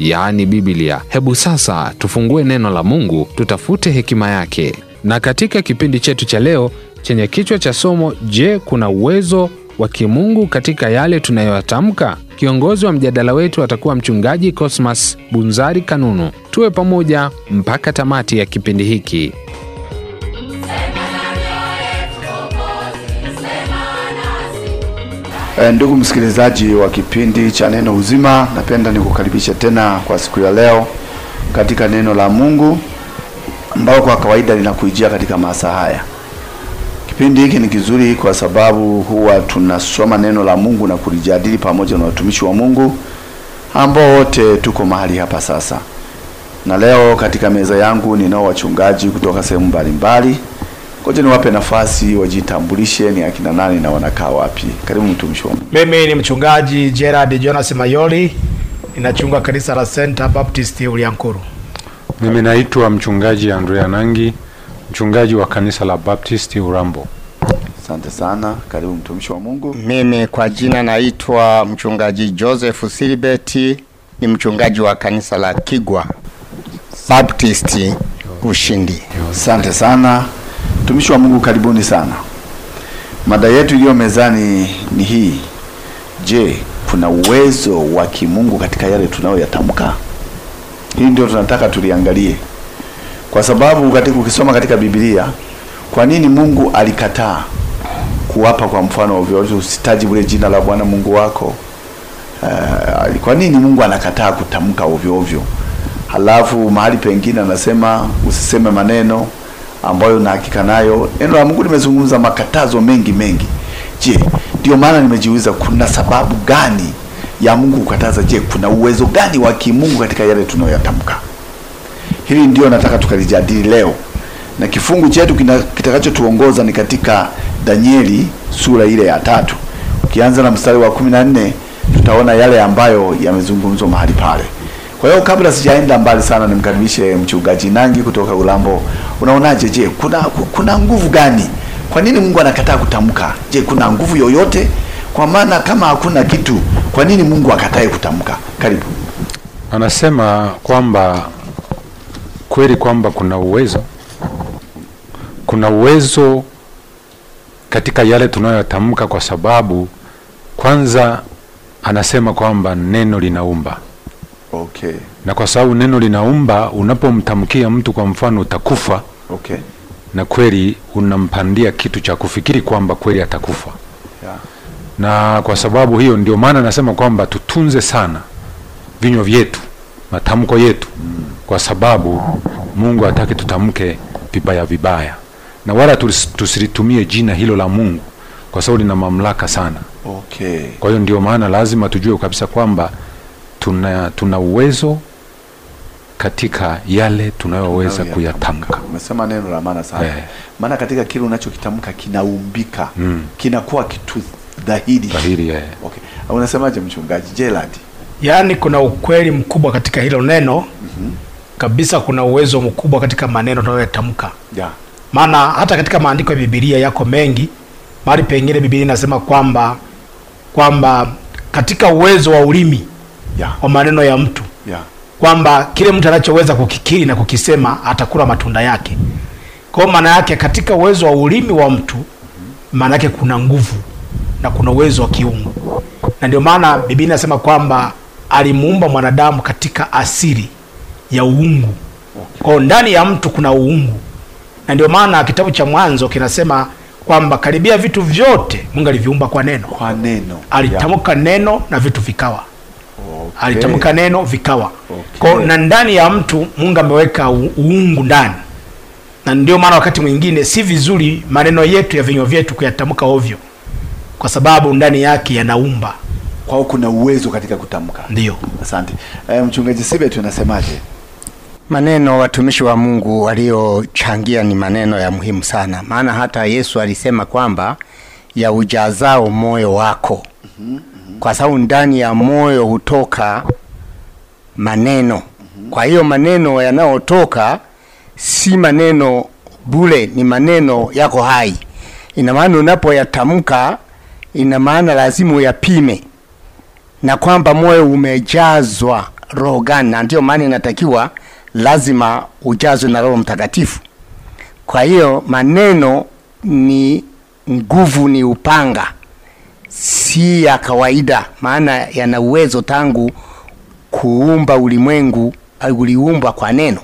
yaani Biblia. Hebu sasa tufungue neno la Mungu, tutafute hekima yake. Na katika kipindi chetu cha leo chenye kichwa cha somo, je, kuna uwezo wa kimungu katika yale tunayoyatamka? Kiongozi wa mjadala wetu atakuwa mchungaji Cosmas Bunzari Kanunu. Tuwe pamoja mpaka tamati ya kipindi hiki. Eh, ndugu msikilizaji wa kipindi cha Neno Uzima, napenda nikukaribisha tena kwa siku ya leo katika neno la Mungu ambalo kwa kawaida linakuijia katika masa haya. Kipindi hiki ni kizuri kwa sababu huwa tunasoma neno la Mungu na kulijadili pamoja na watumishi wa Mungu ambao wote tuko mahali hapa sasa. Na leo katika meza yangu ninao wachungaji kutoka sehemu mbalimbali wote niwape nafasi wajitambulishe, ni akina nani na wanakaa wapi. Karibu mtumishi wangu. Mimi ni mchungaji Gerard Jonas Mayoli, ninachunga kanisa la Center Baptist Uliankuru. Mimi naitwa mchungaji Andrea Nangi, mchungaji wa kanisa la Baptist Urambo. Asante sana, karibu mtumishi wa Mungu. Mimi kwa jina naitwa mchungaji Joseph Silibeti, ni mchungaji wa kanisa la Kigwa Baptist Ushindi. Asante sana. Mtumishi wa Mungu, karibuni sana. Mada yetu iliyo mezani ni hii: Je, kuna uwezo wa kimungu katika yale tunayoyatamka? Hii ndio tunataka tuliangalie, kwa sababu katika ukisoma katika Biblia, kwa nini Mungu alikataa kuwapa kwa mfano ovyo, usitaji bure jina la Bwana Mungu wako? Uh, kwa nini Mungu anakataa kutamka ovyo ovyo? Halafu mahali pengine anasema usiseme maneno ambayo na hakika nayo neno la Mungu limezungumza makatazo mengi mengi. Je, ndio maana nimejiuliza kuna sababu gani ya Mungu kukataza? Je, kuna uwezo gani wa kimungu katika yale tunayoyatamka? Hili ndio nataka tukalijadili leo, na kifungu chetu kitakachotuongoza ni katika Danieli sura ile ya tatu ukianza na mstari wa kumi na nne tutaona yale ambayo yamezungumzwa mahali pale. Kwa hiyo kabla sijaenda mbali sana, nimkaribishe mchungaji Nangi kutoka Ulambo Unaonaje? Je, kuna kuna nguvu gani? Kwa nini Mungu anakataa kutamka? Je, kuna nguvu yoyote? Kwa maana kama hakuna kitu, kwa nini Mungu akatae kutamka? Karibu. Anasema kwamba kweli kwamba kuna uwezo, kuna uwezo katika yale tunayotamka, kwa sababu kwanza anasema kwamba neno linaumba. Okay. Na kwa sababu neno linaumba, unapomtamkia mtu kwa mfano utakufa, okay. na kweli unampandia kitu cha kufikiri kwamba kweli atakufa yeah. na kwa sababu hiyo ndio maana nasema kwamba tutunze sana vinywa vyetu matamko yetu mm. kwa sababu Mungu hataki tutamke vibaya vibaya na wala tusilitumie jina hilo la Mungu kwa sababu lina mamlaka sana okay. Kwa hiyo ndio maana lazima tujue kabisa kwamba tuna tuna uwezo katika yale tunayoweza kuyatamka. Umesema neno la maana sana eh. Maana katika kile unachokitamka kinaumbika mm. kinakuwa kitu dhahiri dhahiri eh. Okay. Unasemaje mchungaji Gerald? Yaani kuna ukweli mkubwa katika hilo neno mm-hmm. kabisa, kuna uwezo mkubwa katika maneno tunayoyatamka yeah. Maana hata katika maandiko ya Biblia yako mengi, mahali pengine Biblia inasema kwamba kwamba katika uwezo wa ulimi yeah. wa maneno ya mtu yeah kwamba kile mtu anachoweza kukikiri na kukisema atakula matunda yake. Kwa maana yake katika uwezo wa ulimi wa mtu, maana yake kuna nguvu na kuna uwezo wa kiungu, na ndio maana Biblia inasema kwamba alimuumba mwanadamu katika asili ya uungu. Kwa ndani ya mtu kuna uungu, na ndio maana kitabu cha Mwanzo kinasema kwamba karibia vitu vyote Mungu aliviumba kwa neno, kwa neno alitamka neno na vitu vikawa okay. Alitamka neno vikawa, okay. Kwa na ndani ya mtu Mungu ameweka uungu ndani, na ndio maana wakati mwingine si vizuri maneno yetu ya vinywa vyetu kuyatamka ovyo, kwa sababu ndani yake yanaumba kwao kuna uwezo katika kutamka. Ndio, asante. E, mchungaji Sibe, tunasemaje? Maneno watumishi wa Mungu waliochangia ni maneno ya muhimu sana, maana hata Yesu alisema kwamba ya ujazao moyo wako. mm -hmm kwa sababu ndani ya moyo hutoka maneno. Kwa hiyo maneno yanayotoka si maneno bure, ni maneno yako hai. Ina maana unapoyatamka, ina maana lazima uyapime na kwamba moyo umejazwa roho gani, na ndiyo maana inatakiwa lazima ujazwe na Roho Mtakatifu. Kwa hiyo maneno ni nguvu, ni upanga si ya kawaida, maana yana uwezo tangu kuumba ulimwengu uliumbwa kwa neno.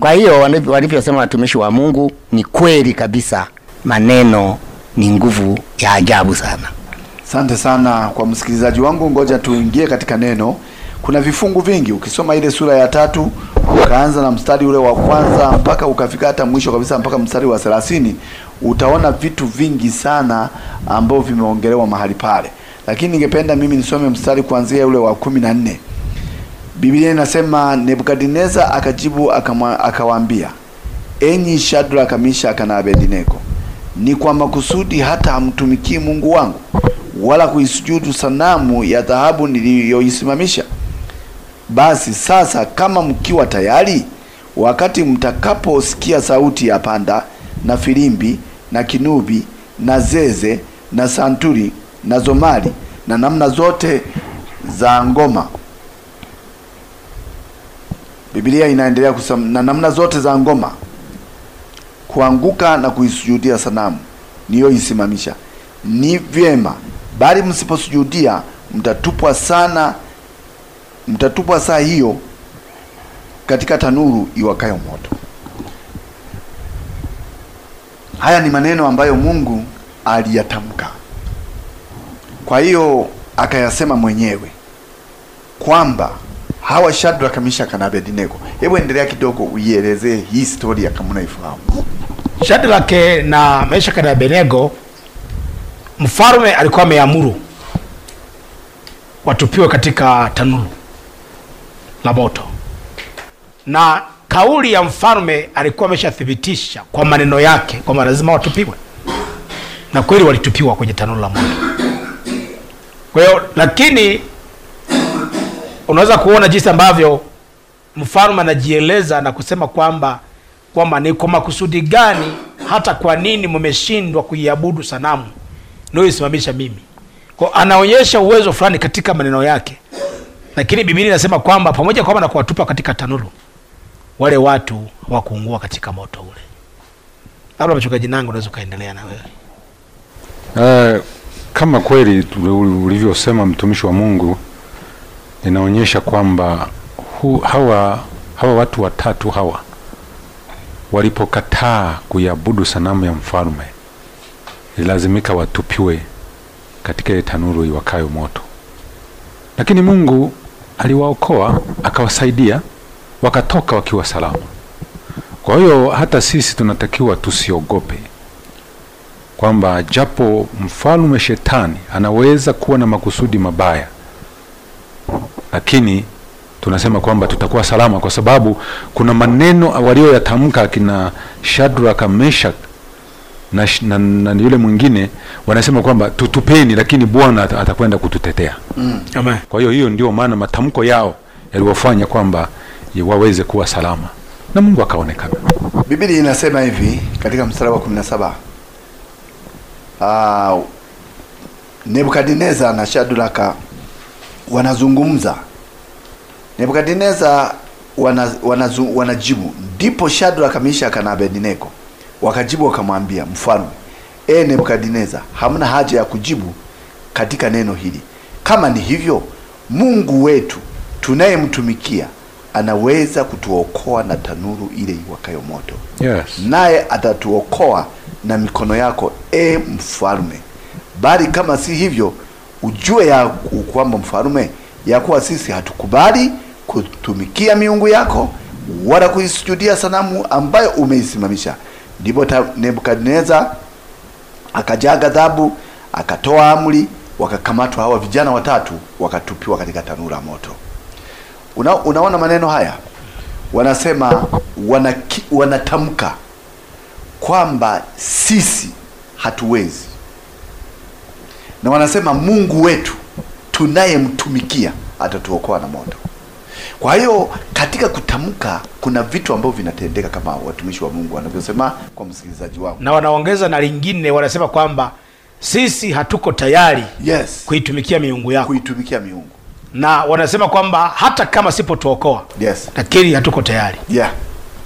Kwa hiyo walivyosema watumishi wa Mungu ni kweli kabisa, maneno ni nguvu ya ajabu sana. Asante sana kwa msikilizaji wangu, ngoja tuingie katika neno. Kuna vifungu vingi, ukisoma ile sura ya tatu ukaanza na mstari ule wa kwanza mpaka ukafika hata mwisho kabisa mpaka mstari wa thelathini utaona vitu vingi sana ambavyo vimeongelewa mahali pale, lakini ningependa mimi nisome mstari kuanzia ule wa kumi na nne. Biblia inasema Nebukadineza akajibu akawaambia, enyi Shadraka, Meshaki na Abednego, ni kwa makusudi hata hamtumikii Mungu wangu wala kuisujudu sanamu ya dhahabu niliyoisimamisha basi sasa, kama mkiwa tayari, wakati mtakaposikia sauti ya panda na filimbi na kinubi na zeze na santuri na zomari na namna zote za ngoma. Biblia inaendelea kusema na namna zote za ngoma, kuanguka na kuisujudia sanamu niyoisimamisha ni vyema, bali msiposujudia mtatupwa sana mtatupwa saa hiyo katika tanuru iwakayo moto. Haya ni maneno ambayo Mungu aliyatamka, kwa hiyo akayasema mwenyewe kwamba hawa Shadraka, Meshaki na Abednego. Hebu endelea kidogo uielezee hii historia kama unaifahamu. Shadraka na Meshaki na Abednego, mfalme alikuwa ameamuru watupiwe katika tanuru la moto. Na kauli ya mfalme alikuwa ameshathibitisha kwa maneno yake kwamba lazima watupiwe na kweli walitupiwa kwenye tanuru la moto. Kwa hiyo, lakini unaweza kuona jinsi ambavyo mfalme anajieleza na kusema kwamba kwamba ni kwa makusudi gani, hata kwa nini mmeshindwa kuiabudu sanamu niyoisimamisha mimi? Kwa anaonyesha uwezo fulani katika maneno yake lakini bibilia inasema kwamba pamoja kwamba na kuwatupa katika tanuru, wale watu wakuungua katika moto ule. Labda mchungaji nangu, unaweza ukaendelea na wewe. Uh, kama kweli ulivyosema mtumishi wa Mungu, inaonyesha kwamba hu, hawa hawa watu watatu hawa walipokataa kuiabudu sanamu ya mfalme, ililazimika watupiwe katika ile tanuru iwakayo moto. Lakini Mungu aliwaokoa akawasaidia, wakatoka wakiwa salama. Kwa hiyo hata sisi tunatakiwa tusiogope kwamba japo mfalme shetani anaweza kuwa na makusudi mabaya, lakini tunasema kwamba tutakuwa salama, kwa sababu kuna maneno walioyatamka akina Shadraka, Meshak na, na, na yule mwingine wanasema kwamba tutupeni, lakini Bwana atakwenda kututetea. Mm. Amen. Kwa hiyo hiyo ndio maana matamko yao yaliwafanya kwamba waweze kuwa salama na Mungu akaonekana. Biblia inasema hivi katika mstari wa 17, ah, Nebukadineza na shadraka wanazungumza. Nebukadineza wanajibu, wana, wana, ndipo shadraka mishaka na Abednego Wakajibu wakamwambia mfalme, e Nebukadineza, hamna haja ya kujibu katika neno hili. Kama ni hivyo, Mungu wetu tunayemtumikia anaweza kutuokoa na tanuru ile iwakayo moto. Yes. Naye atatuokoa na mikono yako, e mfalme. Bali kama si hivyo, ujue ya kwamba mfalme, ya kuwa sisi hatukubali kutumikia miungu yako wala kuisujudia sanamu ambayo umeisimamisha ndipo Nebukadneza akajaa ghadhabu, akatoa amri, wakakamatwa hawa vijana watatu, wakatupiwa katika tanuru la moto. Una, unaona maneno haya, wanasema wanaki, wanatamka kwamba sisi hatuwezi, na wanasema Mungu wetu tunayemtumikia atatuokoa na moto. Kwa hiyo katika kutamka kuna vitu ambavyo vinatendeka kama watumishi wa Mungu wanavyosema kwa msikilizaji wao, na wanaongeza na lingine wanasema kwamba sisi hatuko tayari yes, kuitumikia miungu yako, kuitumikia miungu, na wanasema kwamba hata kama sipotuokoa yes, lakini hatuko tayari yeah.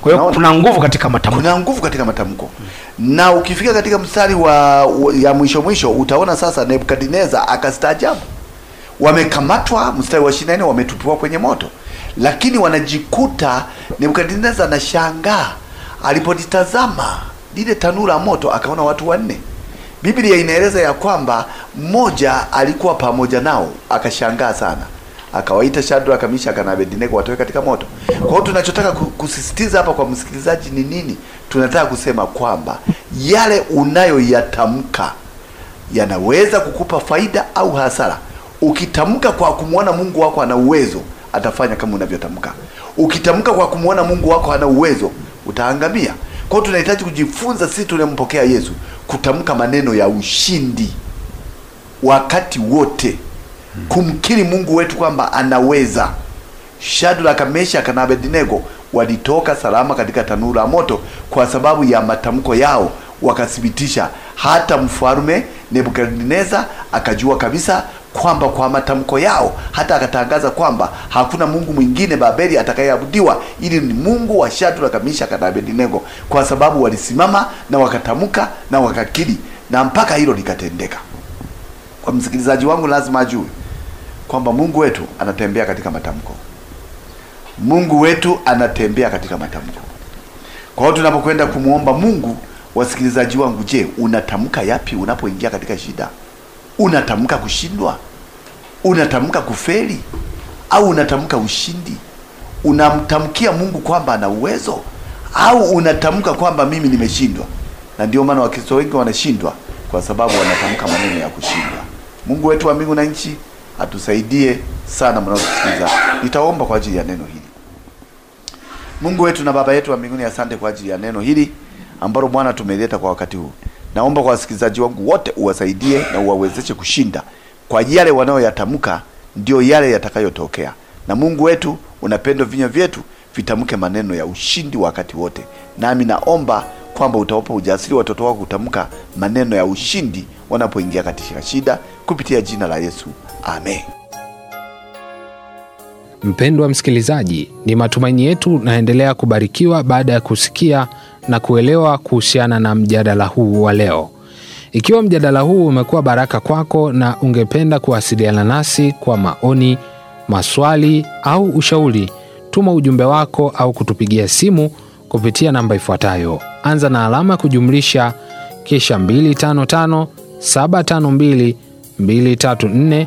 Kwa hiyo kuna nguvu katika matamko, kuna nguvu katika matamko hmm. Na ukifika katika mstari wa, wa ya mwisho mwisho utaona sasa Nebukadnezar akastaajabu, wamekamatwa. Mstari wa 24 wametupiwa kwenye moto lakini wanajikuta Nebukadnezar anashangaa alipojitazama lile tanuru la moto akaona watu wanne. Biblia inaeleza ya kwamba mmoja alikuwa pamoja nao, akashangaa sana, akawaita Shadraka, Meshaki na Abednego watoe katika moto. Kwa hiyo tunachotaka kusisitiza hapa kwa msikilizaji ni nini? Tunataka kusema kwamba yale unayoyatamka yanaweza kukupa faida au hasara. Ukitamka kwa kumwona Mungu wako ana uwezo atafanya kama unavyotamka. Ukitamka kwa kumwona Mungu wako hana uwezo, utaangamia. Kwa hiyo tunahitaji kujifunza sisi tunampokea Yesu kutamka maneno ya ushindi wakati wote, hmm. kumkiri Mungu wetu kwamba anaweza. Shadraka, Meshaki na Abednego walitoka salama katika tanuru la moto kwa sababu ya matamko yao, wakathibitisha. Hata mfalme Nebukadnezar akajua kabisa kwamba kwa matamko yao hata akatangaza kwamba hakuna Mungu mwingine Babeli atakayeabudiwa ili ni Mungu wa Shadraka, Meshaki na Abednego, kwa sababu walisimama na wakatamka na wakakiri, na mpaka hilo likatendeka. Kwa msikilizaji wangu, lazima ajue kwamba Mungu wetu anatembea katika matamko. Mungu wetu anatembea katika matamko. Kwa hiyo tunapokwenda kumwomba Mungu, wasikilizaji wangu, je, unatamka yapi unapoingia katika shida? unatamka kushindwa, unatamka kufeli au unatamka ushindi? Unamtamkia Mungu kwamba ana uwezo au unatamka kwamba mimi nimeshindwa? Na ndio maana Wakristo wengi wanashindwa kwa sababu wanatamka maneno ya kushindwa. Mungu wetu wa mbingu na nchi atusaidie sana. Mnaosikiliza, nitaomba kwa ajili ya neno hili. Mungu wetu na Baba yetu wa mbinguni, asante kwa ajili ya neno hili ambalo Bwana tumeleta kwa wakati huu. Naomba kwa wasikilizaji wangu wote uwasaidie na uwawezeshe kushinda kwa yale wanayoyatamka, ndiyo yale yatakayotokea. Na Mungu wetu unapenda vinywa vyetu vitamke maneno ya ushindi wakati wote, nami naomba kwamba utawapa ujasiri watoto wako kutamka maneno ya ushindi wanapoingia katika shida, kupitia jina la Yesu, amen. Mpendwa msikilizaji, ni matumaini yetu naendelea kubarikiwa baada ya kusikia na kuelewa kuhusiana na mjadala huu wa leo. Ikiwa mjadala huu umekuwa baraka kwako na ungependa kuwasiliana nasi kwa maoni, maswali au ushauri, tuma ujumbe wako au kutupigia simu kupitia namba ifuatayo: anza na alama kujumlisha kisha 255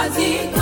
as